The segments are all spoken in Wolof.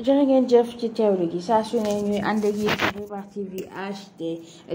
jërë ngeen jëf ci teewlu gi saa su ne ñuy ànd ak yéen ci Xibaar TV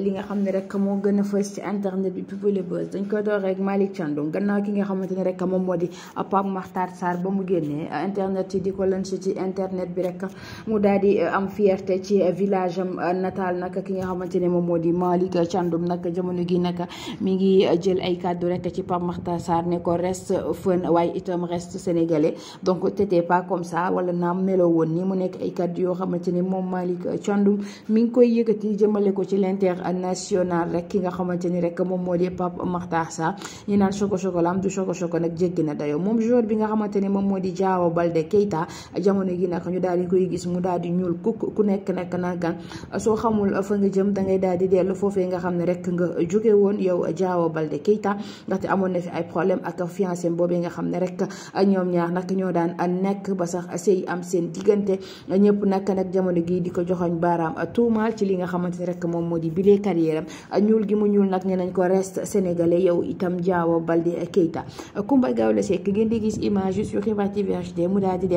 li nga xam ne rek moo gën a fës ci internet bi people buzz dañ koy door rek Malick gannaaw ki nga xamante ne rek moom moo di Pape Makhtar Sarr ba mu génnee internet yi di ko lëns ci internet bi rek mu daal di am fierté ci village am natal nag ki nga xamante ne moom moo di Malick Thiandoum nag jamono gi nag mi ngi jël ay kàddu rek ci Pape Makhtar Sarr ne ko reste fën waaye itam reste sénégalais donc t'étais pas comme ça wala naam meloo woon nii mu nekk ay kàddu yoo xamante ni moom Malick Thiandoum mi ngi koy yëkkati jëmale ko ci l'international rek ki nga xamante ni rek moom moo di Pape Makhtar Sarr ñu naan choco choco la am du choco choco nag jéggi na dayoo moom joueur bi nga xamante ni moom moo di Diao Baldé Keita jamono gi nag ñu daal di koy gis mu daal di ñuul kuk ku nekk nag naggan soo xamul fa nga jëm da ngay daal di dellu foofee nga xam ne rek nga jóge woon yow Diao Baldé Keita ndaxte amoon na fi ay problème ak fiancé boobee nga xam ne rek a ñoom ñaax nag ñoo daan nekk ba sax sëy am seen diggante ñëpp nag nag jamono gi di ko joxoñ baaraam tuumaal ci li nga xamante ni rek moom moo di bilee carrière am ñuul gi mu ñuul nag nee nañ ko reste sénégalais yow itam Diawa Baldé Keita Coumba Gawlo Seck ngeen di gis image yu sur Xibaar TV HD mu daal di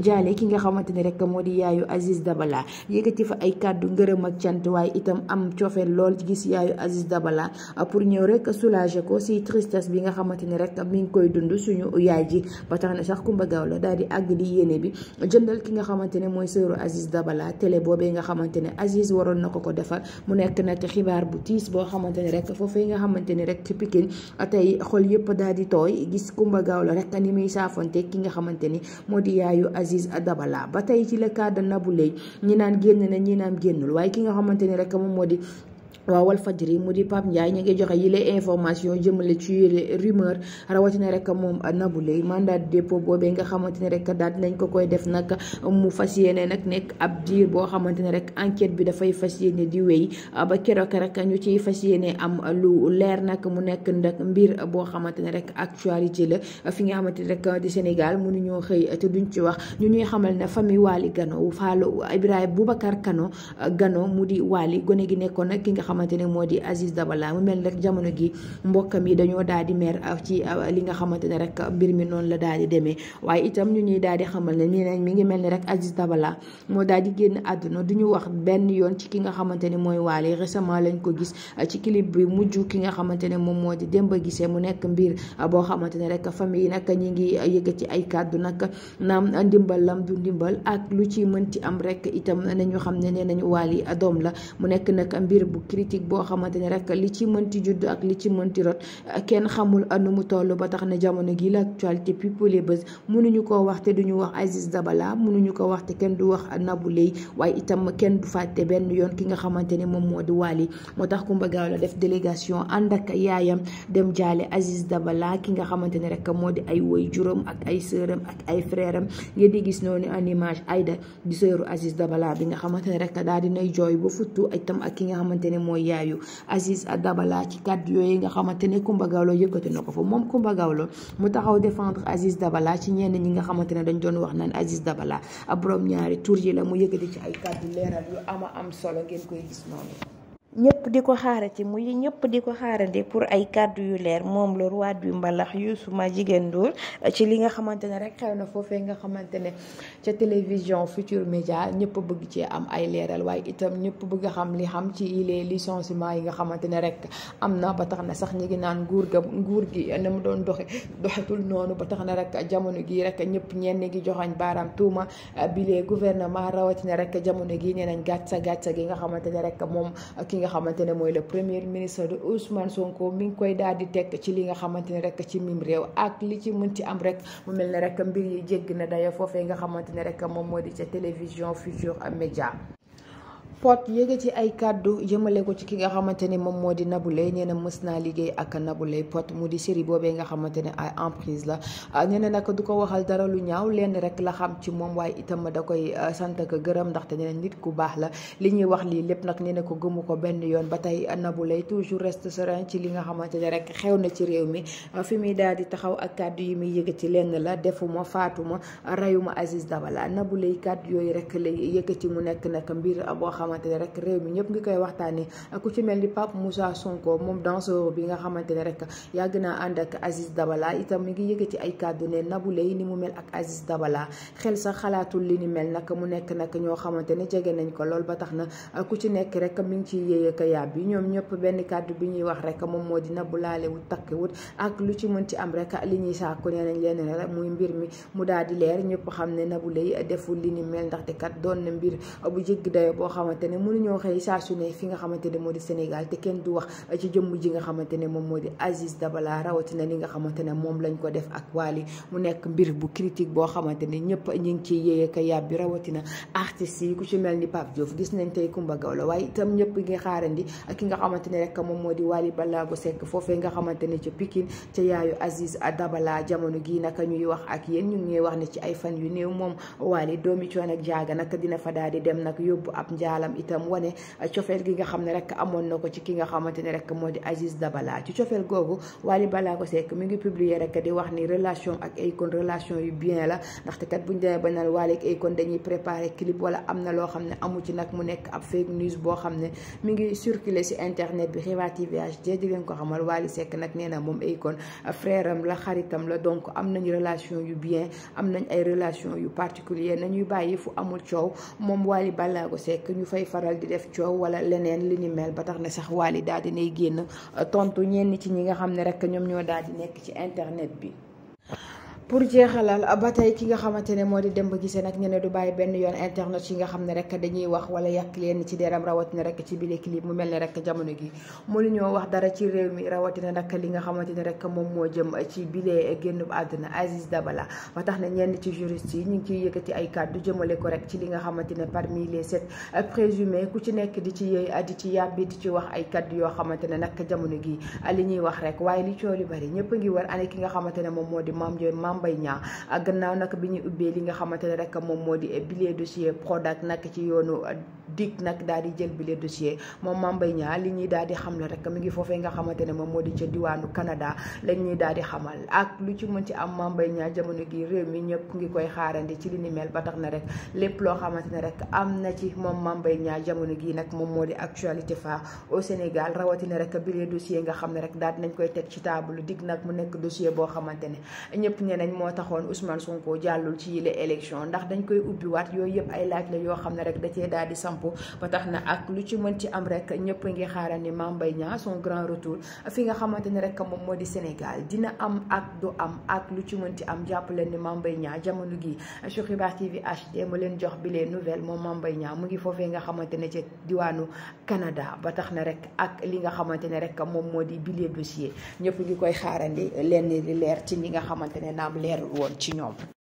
jaale ki nga xamante ni rek moo di yaayu Aziz Dabala yëkkati fa ay kàddu ngërëm ak cant waaye itam am cofeel lool gis yaayu Aziz Dabala pour ñëw rek soulager ko si tristesse bi nga xamante ni rek mi ngi koy dund suñu yaay ji ba tax na sax Coumba Gawlo daal di àgg di yéene bi jëndal ki xamante ne mooy sëru Aziz Dabala télé boobee nga xamante ne Aziz waroon na ko ko defar mu nekk na nag xibaar bu tiis boo xamante ne rek foofee nga xamante ne rek ci Pikine tey xol yëpp daal di tooy gis Kumba Gawlo rek ni muy saafonte ki nga xamante ni moo di yaayu Aziz dabalaa ba tey ci le cas de Nabou ñi naan génn na ñi naan génnul waaye ki nga xamante ni rek moom moo di waaw Walfadjri mu di Pape Ndiaye ñu ngi joxe yile information jëmale ci yile rumeur rawatina rek moom Nabou Leye mandat de dépôt boobee nga xamante ne rek daal nañ ko koy def nag mu fas yéene nag nekk ab diir boo xamante ne rek enquête bi dafay fas yéene di wéy ba keroog rek ñu ciy fas yéene am lu leer nag mu nekk nag mbir boo xamante ne rek actualité la fi nga xamante ne rek di Sénégal mënuñoo xëy te duñ ci wax ñu ñuy xamal ne famille Waly Gano Fallou bu Boubacar Kano Gano mu di Waly gone gi nekkoon nag ki nga xamante ne moo di Aziz Dabala mu mel rek jamono gi mbokkam yi dañoo daal di mer ah, ci ah, li nga xamante ne rek mbir mi noonu la daal di demee waaye itam ñu ñuy daal di xamal ne nii nañ mi ngi mel ni rek Aziz Dabala moo daal di génn àdduna du ñu wax benn yoon ci ki nga xamante ne mooy Wally récemment lañ ko gis ah, ci clip bi mujj ki nga xamante ne moom moo di Demba Guissé mu nekk mbir boo xamante ne rek famille yi nag ñi ngi yëg ci ay kàddu nag naam ndimbal lam du ndimbal ak lu ci mën ci am rek itam nañu xam ne nee nañu Wally doom la mu nekk nag mbir bu critique bo xamanteni rek li ci mënti judd ak li ci mënti rot kenn xamul anu mu tollu ba tax na jamono gi la actualité people buzz mënuñu ko wax te duñu wax Aziz Dabala mënuñu ko wax te kenn du wax Nabou Leye waaye itam kenn du faté ben yoon ki nga xamanteni mom moom wali motax Wally moo la def délégation andak yaayam dem jalé Aziz Dabala ki nga xamanteni rek moo ay way juróom ak ay sëram ak ay frèram nga di gis noni en image Aïda di sëru Aziz Dabala bi nga xamanteni ne rek daal dinay joy bu futtu itam ak ki nga xamanteni mooy yaayu Aziz Dabala ci kàddu yooyu nga xamante ne Coumba Gawlo yëkkati na ko fa moom Coumba Gawlo mu taxaw défendre Aziz Dabala ci ñenn ñi nga xamante ne dañ doon wax naan Aziz Dabala ab borom ñaari tur yi la mu yëkkati ci ay kàddu leeral yu ama am solo ngeen koy gis noonu. ñëpp di ko xaarati muy ñëpp di ko xaarandi pour ay kàddu yu leer moom le roi du mbalax Youssou jigéen Ndour ci li nga xamante ne rek xew na foofee nga xamante ne ca télévision Futur Média ñëpp bëgg ci am ay leeral waaye itam ñëpp bëgg xam li xam ci les licenciements yi nga xamante ne rek am na ba tax na sax ñi ngi naan nguur ga nguur gi na mu doon doxe doxetul noonu ba tax na rek jamono gi rek ñëpp ñenn gi joxañ baaraam tuuma bi les rawatina rek jamono gi nee nañ gàcce gàcce gi nga xamante ne rek nga xamante ne mooy le première ministre de Ousmane Sonko mi ngi koy daal di ci li nga xamante ne rek ci mim réew ak li ci mën ci am rek mu mel ne rek mbir yi jégg na daya foofee nga xamante ne rek moom moo di ca télévision Futurs Médias Pod yéege ci ay kaddu jëmale ko ci ki nga xamante ne moom moo di Naboulaye nee na mës naa liggéey ak Naboulaye Pod mu di série boobee nga xamante ne ay emprise la ah, nee na nag du ko waxal dara lu ñaaw lenn rek la xam ci moom waaye itam da koy ah, sant ko gërëm ndaxte nee na nit ku baax la li ñuy wax lii lépp nag nee na ko gëmu ko benn yoon ba tey Naboulaye toujours reste serein ci li nga xamante ne rek xew na ci réew mi ah, fi muy daal di taxaw ak kàddu yi muy yëge ci lenn la defuma faatuma rayuma Aziz Dabala Naboulaye kàddu yooyu rek lay yëkkati mu nekk nag xamante ne rek réew mi ñëpp ngi koy waxtaanee ku ci mel ni Pape Moussa Sonko moom danseur bi nga xamante ne rek yàgg naa ànd ak daba Dabala itam mi ngi yëkkati ay kàddu ne Nabou ni mu mel ak Aziz Dabala xel sax xalaatul li ni mel nag mu nekk nag ñoo xamante ni jege nañ ko lool ba tax na ku ci nekk rek mi ngi ciy yéeye ko yàbb yi ñoom ñëpp benn kàddu bi ñuy wax rek moom moo di laale Nabou takk takkiwut ak lu ci mën ci am rek li ñuy sàkku nee nañ leen rek muy mbir mi mu daal di leer ñëpp xam ne Nabou Leye deful li ni mel ndaxte kat doon na mbir bu jéggi xamantene ne mënuñoo xëy saa su ne fi nga xamante ne moo di Sénégal te kenn du wax ci jëmm ji nga xamante ne moom moo di Aziz Dabala rawatina li nga xamante ne moom lañ ko def ak wali mu nekk mbir bu critique boo xamante ne ñëpp ñi ngi ci yéeye ka bi rawatina artiste yi ku ci mel ni Pape Diouf gis nañ tey Kumba gawla waaye itam ñëpp ngi xaarandi ak ki nga xamante ne rek moom moo di Wally Ballago Seck foofee nga xamante ne ca Pikine ca yaayu Aziz Dabala jamono gi naka ñuy wax ak yéen ñu ngi wax ne ci ay fan yu néew moom Wally doomi coon ak jaaga naka dina fa daal di dem nag yóbbu ab njaalam maanaam itam wane cofeel gi nga xam ne rek amoon na ko ci ki nga xamante ne rek moo di Aziz Dabala ci cofeel googu Wally Ballago Seck mi ngi publier rek di wax ni relation ak Akon relation yu bien la ndaxte kat buñ demee ba naan Wally ak Akon dañuy préparer clip wala am na loo xam ne amu ci nag mu nekk ab fake boo xam ne mi ngi circuler si internet bi Reva TV HD di leen ko xamal Wally Seck nag nee na moom Akon frère am la xaritam la donc am nañu relation yu bien am nañ ay relation yu particulier nañuy bàyyi fu amul coow moom Wally Ballago Seck ñu fay dafay faral di def coow wala leneen li ni ba tax ne sax Wally daal di nay génn tontu ñenn ci ñi nga xam ne rek ñoom ñoo daal di nekk ci internet bi. pour jeexalal ba tey ki nga xamante ne moo di Demba Guissé nag ñu ne du bàyyi benn yoon internet yi nga xam ne rek dañuy wax wala yàq leen ci deram rawatina rek ci bile lii mu mel ne rek jamono gi ñoo wax dara ci réew mi rawatina nag li nga xamante ne rek moom moo jëm ci bile génn àdduna Aziz Dabala ba tax na ñenn ci juriste yi ñu ngi ciy yëkkati ay kàddu jëmale ko rek ci li nga xamante ne parmi les sept présumés ku ci nekk di ci yëy di ci yàbbi di ci wax ay kàddu yoo xamante ne nag jamono gi li ñuy wax rek waaye a ngi war ki nga xamante ne moom moo di maam Mbaye Niang ah, gannaaw nag bi ñu ubbee li nga xamante ne rek moom moo di billet dossier Prodac nag ci yoonu ah, dik nag daal di jël billet dossier moom Mame Mbaye li ñuy daal di xam la rek mi ngi foofee nga xamante ne moom moo di ca diwaanu Canada lañ ñuy daal di xamal ak lu ci mën ci am Mame Mbaye jamono gi réew mi ñëpp ngi koy xaarandi ci li ni ba tax na rek lépp loo xamante ne rek am na ci moom Mame Mbaye jamono gi nag moom moo di actualité phare au Sénégal rawatina rek billet dossier nga xam ne rek daal di nañ koy teg ci table dig nag mu nekk dossier boo xamante ne ñëpp lan moo taxoon Ousmane Sonko jàllul ci yile élection ndax dañ koy ubbiwaat yooyu yëpp ay laaj la yoo xam ne rek da cee daal samp ba tax na ak lu ci mën ci am rek ñëpp ngi xaaral ni moo di Sénégal dina am ak du am ak lu ci mën ci am jàpp leen ni Mame Mbaye Niang jamono gi sur Xibaar TV HD mu leen jox bi les nouvelles moom mu ngi foofee nga xamante ne ci diwaanu Canada ba tax na rek ak li nga xamante ne rek moom moo di bile dossier ñëpp ngi koy xaarandi lenn leer ci ñi nga xamante ne naam leer Word Genome.